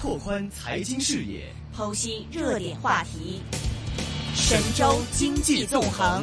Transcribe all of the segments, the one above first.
拓寬財經視野，剖析熱點話題，神州經濟縱橫。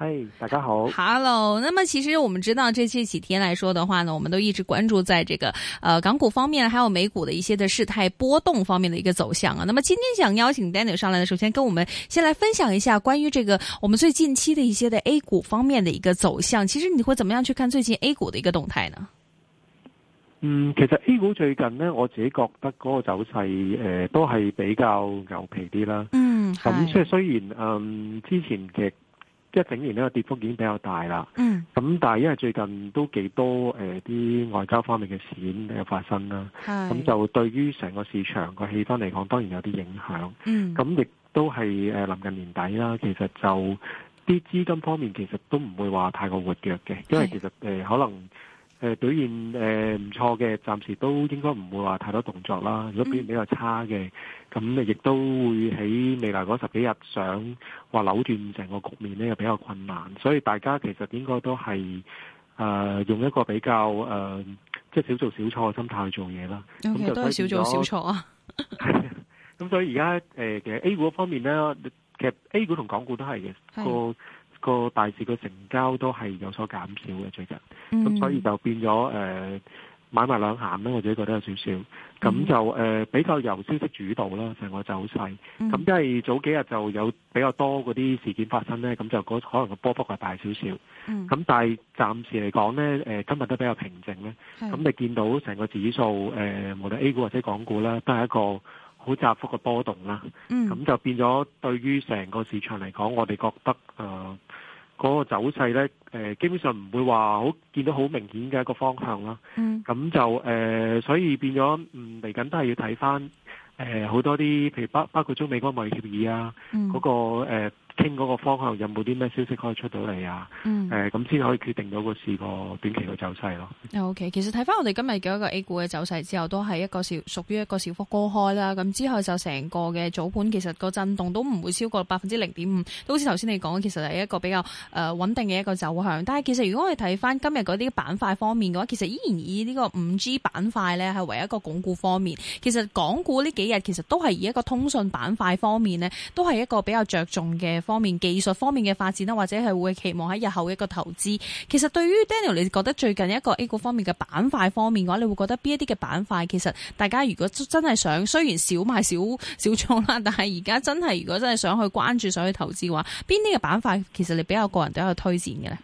嗨，Hi，大家好。Hello，那麼其實我們知道這這幾天來說的話呢，我們都一直關注在這個，呃，港股方面，還有美股的一些的事態波動方面的一個走向啊。那麼今天想邀請 Danny 上來呢，首先跟我們先來分享一下關於這個我們最近期的一些的 A 股方面的一個走向。其實你會怎麼樣去看最近 A 股的一個動態呢？嗯，其實 A 股最近呢，我自己覺得嗰個走勢誒、呃，都係比較牛皮啲啦。嗯，咁即係雖然，嗯，之前嘅。即係整年呢個跌幅已經比較大啦，咁、嗯、但係因為最近都幾多誒啲、呃、外交方面嘅事件嘅發生啦，咁是就對於成個市場個氣氛嚟講當然有啲影響，咁亦、嗯、都係誒臨近年底啦，其實就啲資金方面其實都唔會話太過活躍嘅，因為其實誒、呃、可能。誒、呃、表現誒唔、呃、錯嘅，暫時都應該唔會話太多動作啦。如果表現比較差嘅，咁亦、嗯、都會喺未來嗰十幾日想話扭轉成個局面呢，又比較困難。所以大家其實應該都係誒、呃、用一個比較誒即係少做少錯嘅心態去做嘢啦。咁其實都係少做少錯啊。咁 所以而家誒其實 A 股方面呢，其實 A 股同港股都係嘅個。個大市個成交都係有所減少嘅最近，咁所以就變咗誒、呃、買賣兩閒咧，我自己覺得有少少，咁就誒、呃、比較由消息主導啦成個走勢，咁因為早幾日就有比較多嗰啲事件發生咧，咁就可能個波幅係大少少，咁、嗯、但係暫時嚟講咧，誒、呃、今日都比較平靜咧，咁是你見到成個指數誒、呃、無論 A 股或者港股啦，都係一個好窄幅嘅波動啦，咁、嗯、就變咗對於成個市場嚟講，我哋覺得誒。呃呃嗰個走勢咧，誒、呃，基本上唔會話好見到好明顯嘅一個方向啦。嗯，咁就誒、呃，所以變咗，嗯，嚟緊都係要睇翻誒，好、呃、多啲，譬如包包括中美嗰個貿易協議啊，嗰、嗯嗰個誒。呃傾嗰個方向有冇啲咩消息可以出到嚟啊？嗯，誒咁先可以決定到個市個短期嘅走勢咯。OK，其實睇翻我哋今日嘅一個 A 股嘅走勢之後，都係一個小屬於一個小幅高開啦。咁之後就成個嘅早盤其實個震動都唔會超過百分之零點五，都好似頭先你講，其實係一個比較誒、呃、穩定嘅一個走向。但係其實如果我哋睇翻今日嗰啲板塊方面嘅話，其實依然以呢個五 G 板塊咧係為一個鞏固方面。其實港股呢幾日其實都係以一個通訊板塊方面咧，都係一個比較着重嘅。方面技術方面嘅發展啦，或者係會期望喺日後一個投資。其實對於 Daniel，你覺得最近一個 A 股方面嘅板塊方面嘅話，你會覺得邊一啲嘅板塊，其實大家如果真係想，雖然少買少少倉啦，但係而家真係如果真係想去關注、想去投資嘅話，邊啲嘅板塊其實你比較個人都有推薦嘅呢？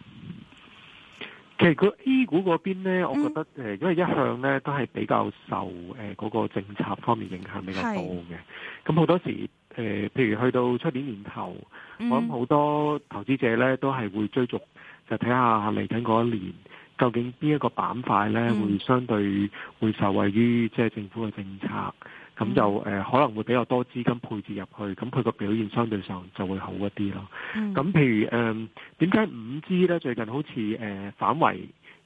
其實個 A 股嗰邊咧，嗯、我覺得誒，因為一向咧都係比較受誒嗰個政策方面影響比較多嘅。咁好是多時誒、呃，譬如去到出年年頭，嗯、我諗好多投資者咧都係會追逐，就睇下嚟緊嗰一年究竟邊一個板塊咧會相對會受惠於即係政府嘅政策。咁就誒、呃、可能會比較多資金配置入去，咁佢個表現相對上就會好一啲咯。咁、嗯、譬如誒點解五 G 咧最近好似誒、呃、反圍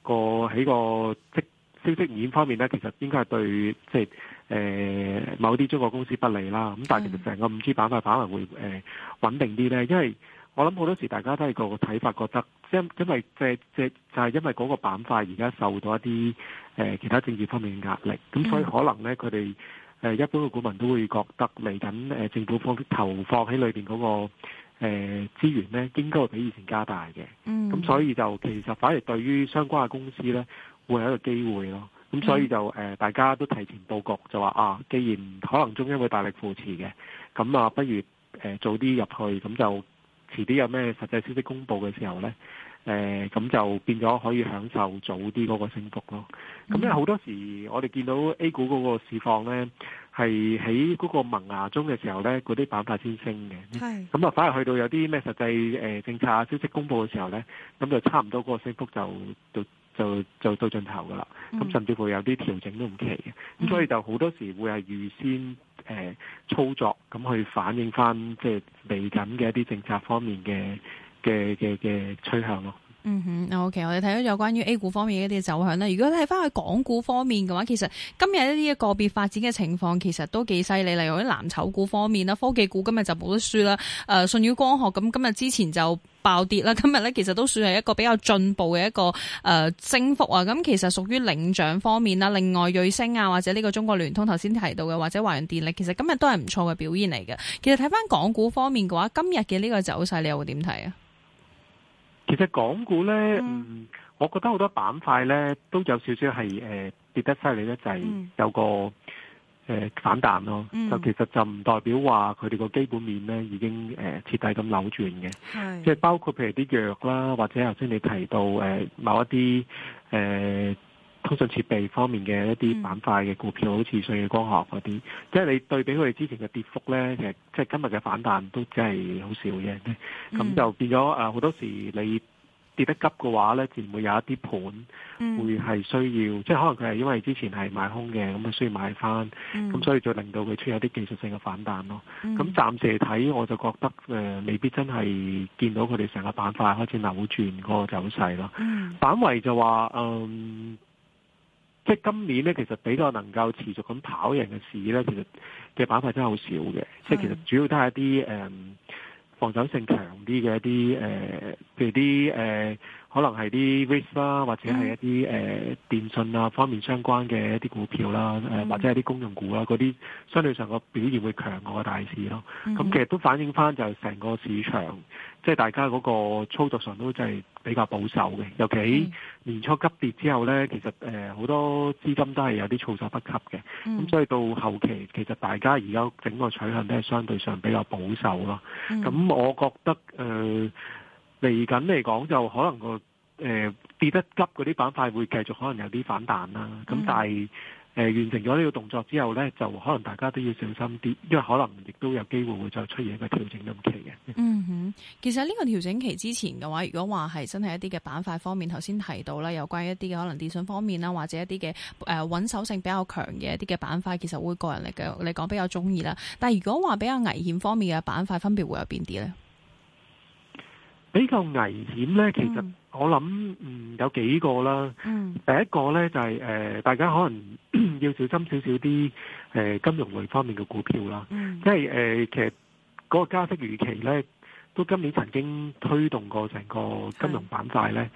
個喺個即消息面方面咧，其實應該係對即係誒、呃、某啲中國公司不利啦。咁但係其實成個五 G 板塊反而會誒、呃、穩定啲咧，因為我諗好多時大家都係個個睇法覺得，即、就係、因為即係即係因為嗰個板塊而家受到一啲誒、呃、其他政治方面嘅壓力，咁所以可能咧佢哋。誒一般嘅股民都會覺得嚟緊誒政府方投放喺裏邊嗰個誒資源咧，應該會比以前加大嘅。嗯，咁所以就其實反而對於相關嘅公司咧，會係一個機會咯。咁、嗯、所以就誒大家都提前佈局就，就話啊，既然可能中央會大力扶持嘅，咁啊，不如誒早啲入去，咁就遲啲有咩實際消息公布嘅時候咧。誒咁、呃、就變咗可以享受早啲嗰個升幅咯。咁、mm hmm. 因為好多時我哋見到 A 股嗰個市況呢，係喺嗰個萌芽中嘅時候呢，嗰啲板塊先升嘅。係、mm。咁啊，反而去到有啲咩實際誒政策啊、呃、消息公布嘅時候呢，咁就差唔多個升幅就就就就，就到盡頭噶啦。咁甚至乎有啲調整都唔奇嘅。咁、mm hmm. 所以就好多時會係預先誒、呃、操作，咁去反映翻即係嚟緊嘅一啲政策方面嘅。嘅嘅嘅趨向咯，嗯哼，OK 我哋睇咗有關於 A 股方面一啲嘅走向啦。如果你睇翻去港股方面嘅話，其實今日一啲嘅個別發展嘅情況其實都幾犀利。例如喺藍籌股方面啦，科技股今日就冇得輸啦。誒、呃，信宇光學舜宇光學咁今日之前就爆跌啦，今日咧其實都算係一個比較進步嘅一個誒升幅啊。咁、呃、其實屬於領獎方面啦。另外，瑞星啊，或者呢個中國聯通頭先提到嘅，或者華潤電力，其實今日都係唔錯嘅表現嚟嘅。其實睇翻港股方面嘅話，今日嘅呢個走勢你又會點睇啊？其實港股咧，嗯，嗯，我覺得好多板塊咧都有少少係誒、呃、跌得犀利咧，就係有個誒、呃、反彈咯。嗯、就其實就唔代表話佢哋個基本面咧已經誒、呃、徹底咁扭轉嘅，即係係包括譬如啲藥啦，或者頭先你提到誒、呃、某一啲誒。呃通信設備方面嘅一啲板塊嘅股票，好似舜宇光學嗰啲，即係你對比佢哋之前嘅跌幅咧，其實即係今日嘅反彈都真係好少嘅。咁、嗯、就變咗誒，好、呃、多時你跌得急嘅話咧，自然會有一啲盤會係需要，嗯、即係可能佢係因為之前係賣空嘅，咁啊，需要買翻，咁、嗯、所以就令到佢出現有啲技術性嘅反彈咯。咁、嗯、暫時嚟睇，我就覺得誒、呃，未必真係見到佢哋成個板塊開始扭轉嗰個走勢咯。嗯、反為就話誒。嗯嗯即係今年咧，其實比較能夠持續咁跑贏嘅市咧，其實嘅板塊真係好少嘅。即係其實主要都係一啲誒、嗯、防守性強啲嘅一啲誒，譬、呃、如啲誒。呃可能係啲 risk 啦，或者係一啲誒、呃、電信啊方面相關嘅一啲股票啦，誒、呃、或者係啲公用股啦，嗰啲相對上個表現會強過大市咯。咁其實都反映翻就成個市場，即係大家嗰個操作上都真係比較保守嘅。尤其年初急跌之後咧，其實誒好多資金都係有啲措手不及嘅。咁所以到後期，其實大家而家整個取向都係相對上比較保守咯。咁我覺得誒。呃嚟緊嚟講就可能個誒跌得急嗰啲板塊會繼續可能有啲反彈啦，咁、嗯、哼但係誒、呃、完成咗呢個動作之後呢，就可能大家都要小心啲，因為可能亦都有機會會再出現一個調整期嘅。嗯哼，其實喺呢個調整期之前嘅話，如果話係真係一啲嘅板塊方面，頭先提到啦，有關於一啲嘅可能電信方面啦，或者一啲嘅誒穩守性比較強嘅一啲嘅板塊，其實會個人嚟嘅嚟講比較中意啦。但係如果話比較危險方面嘅板塊，分別會有邊啲呢？比較危險呢，其實我諗嗯有幾個啦。嗯、第一個呢，就係、是、誒、呃，大家可能 要小心少少啲誒金融類方面嘅股票啦，嗯、即係誒、呃、其實嗰個加息預期呢，都今年曾經推動過成個金融板塊呢。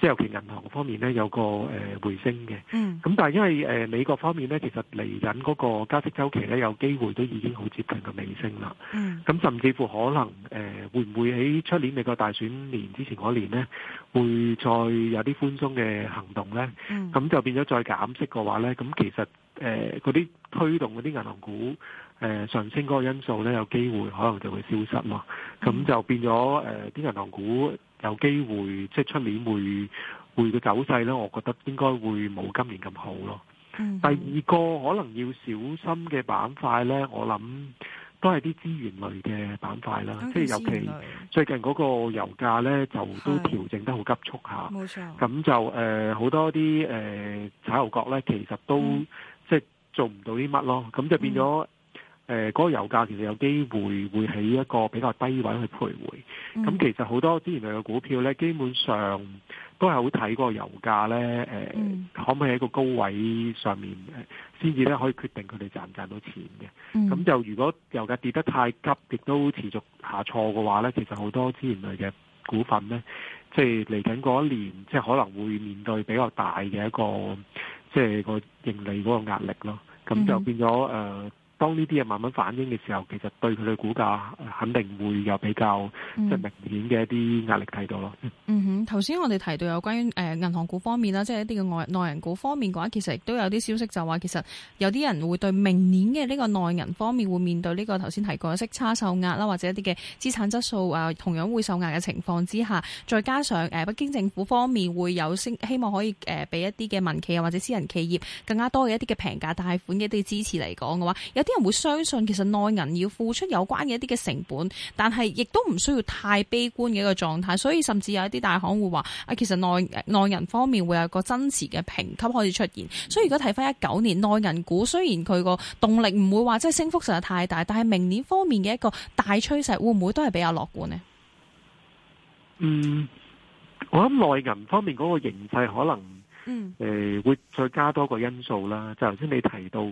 即係尤其銀行方面咧有個誒回升嘅，咁、嗯、但係因為誒美國方面咧，其實嚟緊嗰個加息周期咧，有機會都已經好接近個尾聲啦。咁、嗯、甚至乎可能誒、呃、會唔會喺出年美國大選年之前嗰年咧，會再有啲寬鬆嘅行動咧？咁、嗯、就變咗再減息嘅話咧，咁其實誒嗰啲推動嗰啲銀行股誒、呃、上升嗰個因素咧，有機會可能就會消失嘛。咁就變咗誒啲銀行股。有機會即係出年會會個走勢咧，我覺得應該會冇今年咁好咯。嗯、哼第二個可能要小心嘅板塊呢，我諗都係啲資源類嘅板塊啦，嗯、哼即係尤其最近嗰個油價呢，就都調整得好急促下冇錯。咁、嗯、哼就誒好、呃、多啲誒產油國呢，其實都、嗯、即係做唔到啲乜咯，咁就變咗、嗯。誒嗰、呃那個油價其實有機會會喺一個比較低位去徘徊，咁、嗯、其實好多資源類嘅股票咧，基本上都係好睇嗰個油價咧，誒、呃嗯、可唔可以喺個高位上面，誒先至咧可以決定佢哋賺唔賺到錢嘅。咁、嗯、就如果油價跌得太急，亦都持續下挫嘅話咧，其實好多資源類嘅股份咧，即係嚟緊嗰一年，即、就、係、是、可能會面對比較大嘅一個，即、就、係、是、個盈利嗰個壓力咯。咁就變咗誒。呃嗯嗯當呢啲嘢慢慢反映嘅時候，其實對佢嘅股價肯定會有比較即明顯嘅一啲壓力睇到咯、嗯。嗯哼，頭先我哋提到有關於誒銀行股方面啦，即係一啲嘅內內銀股方面嘅話，其實亦都有啲消息就話其實有啲人會對明年嘅呢個內銀方面會面對呢個頭先提過嘅息差受壓啦，或者一啲嘅資產質素啊，同樣會受壓嘅情況之下，再加上誒北京政府方面會有希望可以誒俾一啲嘅民企啊或者私人企業更加多嘅一啲嘅平價貸款嘅一啲支持嚟講嘅話，有啲人會相信其實內銀要付出有關嘅一啲嘅成本，但係亦都唔需要太悲觀嘅一個狀態，所以甚至有一啲大行會話啊，其實內內銀方面會有個增持嘅評級開始出現。所以如果睇返一九年內銀股，雖然佢個動力唔會話即係升幅實在太大，但係明年方面嘅一個大趨勢會唔會都係比較樂觀呢？嗯，我諗內銀方面嗰個形勢可能，誒、呃、會再加多個因素啦。就頭先你提到。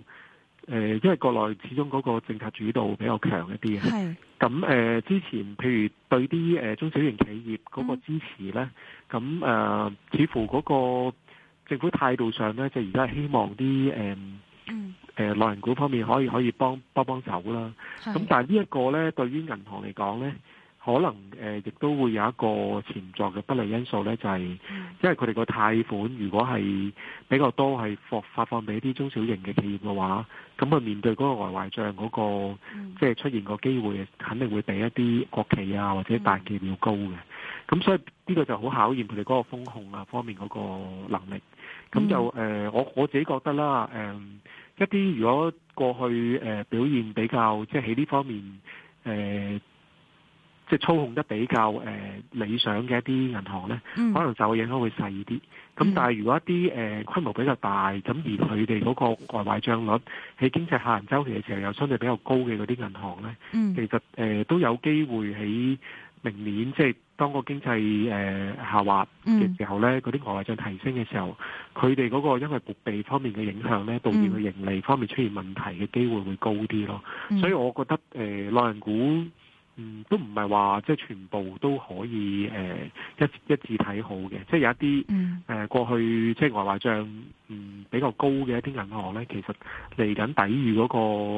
誒，因為國內始終嗰個政策主導比較強一啲嘅，係咁誒。之前譬如對啲誒、呃、中小型企業嗰個支持咧，咁誒、嗯呃，似乎嗰個政府態度上咧，就而家係希望啲誒誒內銀股方面可以可以幫幫幫手啦。咁是但係呢一個咧，對於銀行嚟講咧。可能誒，亦、呃、都會有一個潛在嘅不利因素咧，就係、是，嗯、因為佢哋個貸款如果係比較多，係放發放俾啲中小型嘅企業嘅話，咁佢面對嗰個呆壞賬嗰個，嗯、即係出現個機會，肯定會比一啲國企啊或者大企業要高嘅。咁、嗯、所以呢個就好考驗佢哋嗰個風控啊方面嗰個能力。咁就誒、呃，我我自己覺得啦，誒、呃、一啲如果過去誒、呃、表現比較即係喺呢方面誒。呃即係操控得比較誒、呃、理想嘅一啲銀行咧，可能就會影響會細啲。咁、嗯、但係如果一啲誒、呃、規模比較大，咁而佢哋嗰個呆壞帳率喺經濟下行周期嘅時候又相對比較高嘅嗰啲銀行咧，其實誒、呃、都有機會喺明年即係當個經濟誒、呃、下滑嘅時候咧，嗰啲呆壞帳提升嘅時候，佢哋嗰個因為撥備方面嘅影響咧，導致佢盈利方面出現問題嘅機會會高啲咯。所以我覺得誒、呃、內銀股。嗯、都唔係話即係全部都可以誒一、呃、一致睇好嘅，即係有一啲誒、嗯呃、過去即係外匯帳嗯比較高嘅一啲銀行咧，其實嚟緊抵禦嗰、嗰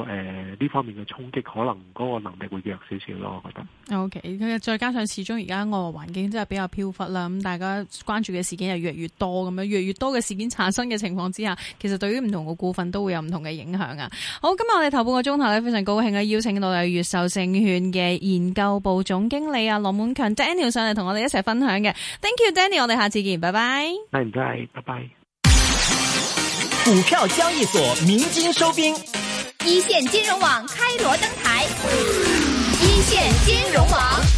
個呢、呃、方面嘅衝擊，可能嗰個能力會弱少少咯，我覺得。O、okay, K，再加上始終而家外圍環境真係比較飄忽啦，咁大家關注嘅事件又越來越多咁樣，越來越多嘅事件產生嘅情況之下，其實對於唔同嘅股份都會有唔同嘅影響啊。好，今日我哋頭半個鐘頭咧，非常高興啊，邀請到有越秀證券嘅研究部總經理啊羅滿強 Daniel 上嚟同我哋一齊分享嘅，thank you Daniel，我哋下次見，拜拜。唔該，拜拜。股票交易所鳴金收兵，一線金融網開鑼登台， 一線金融網。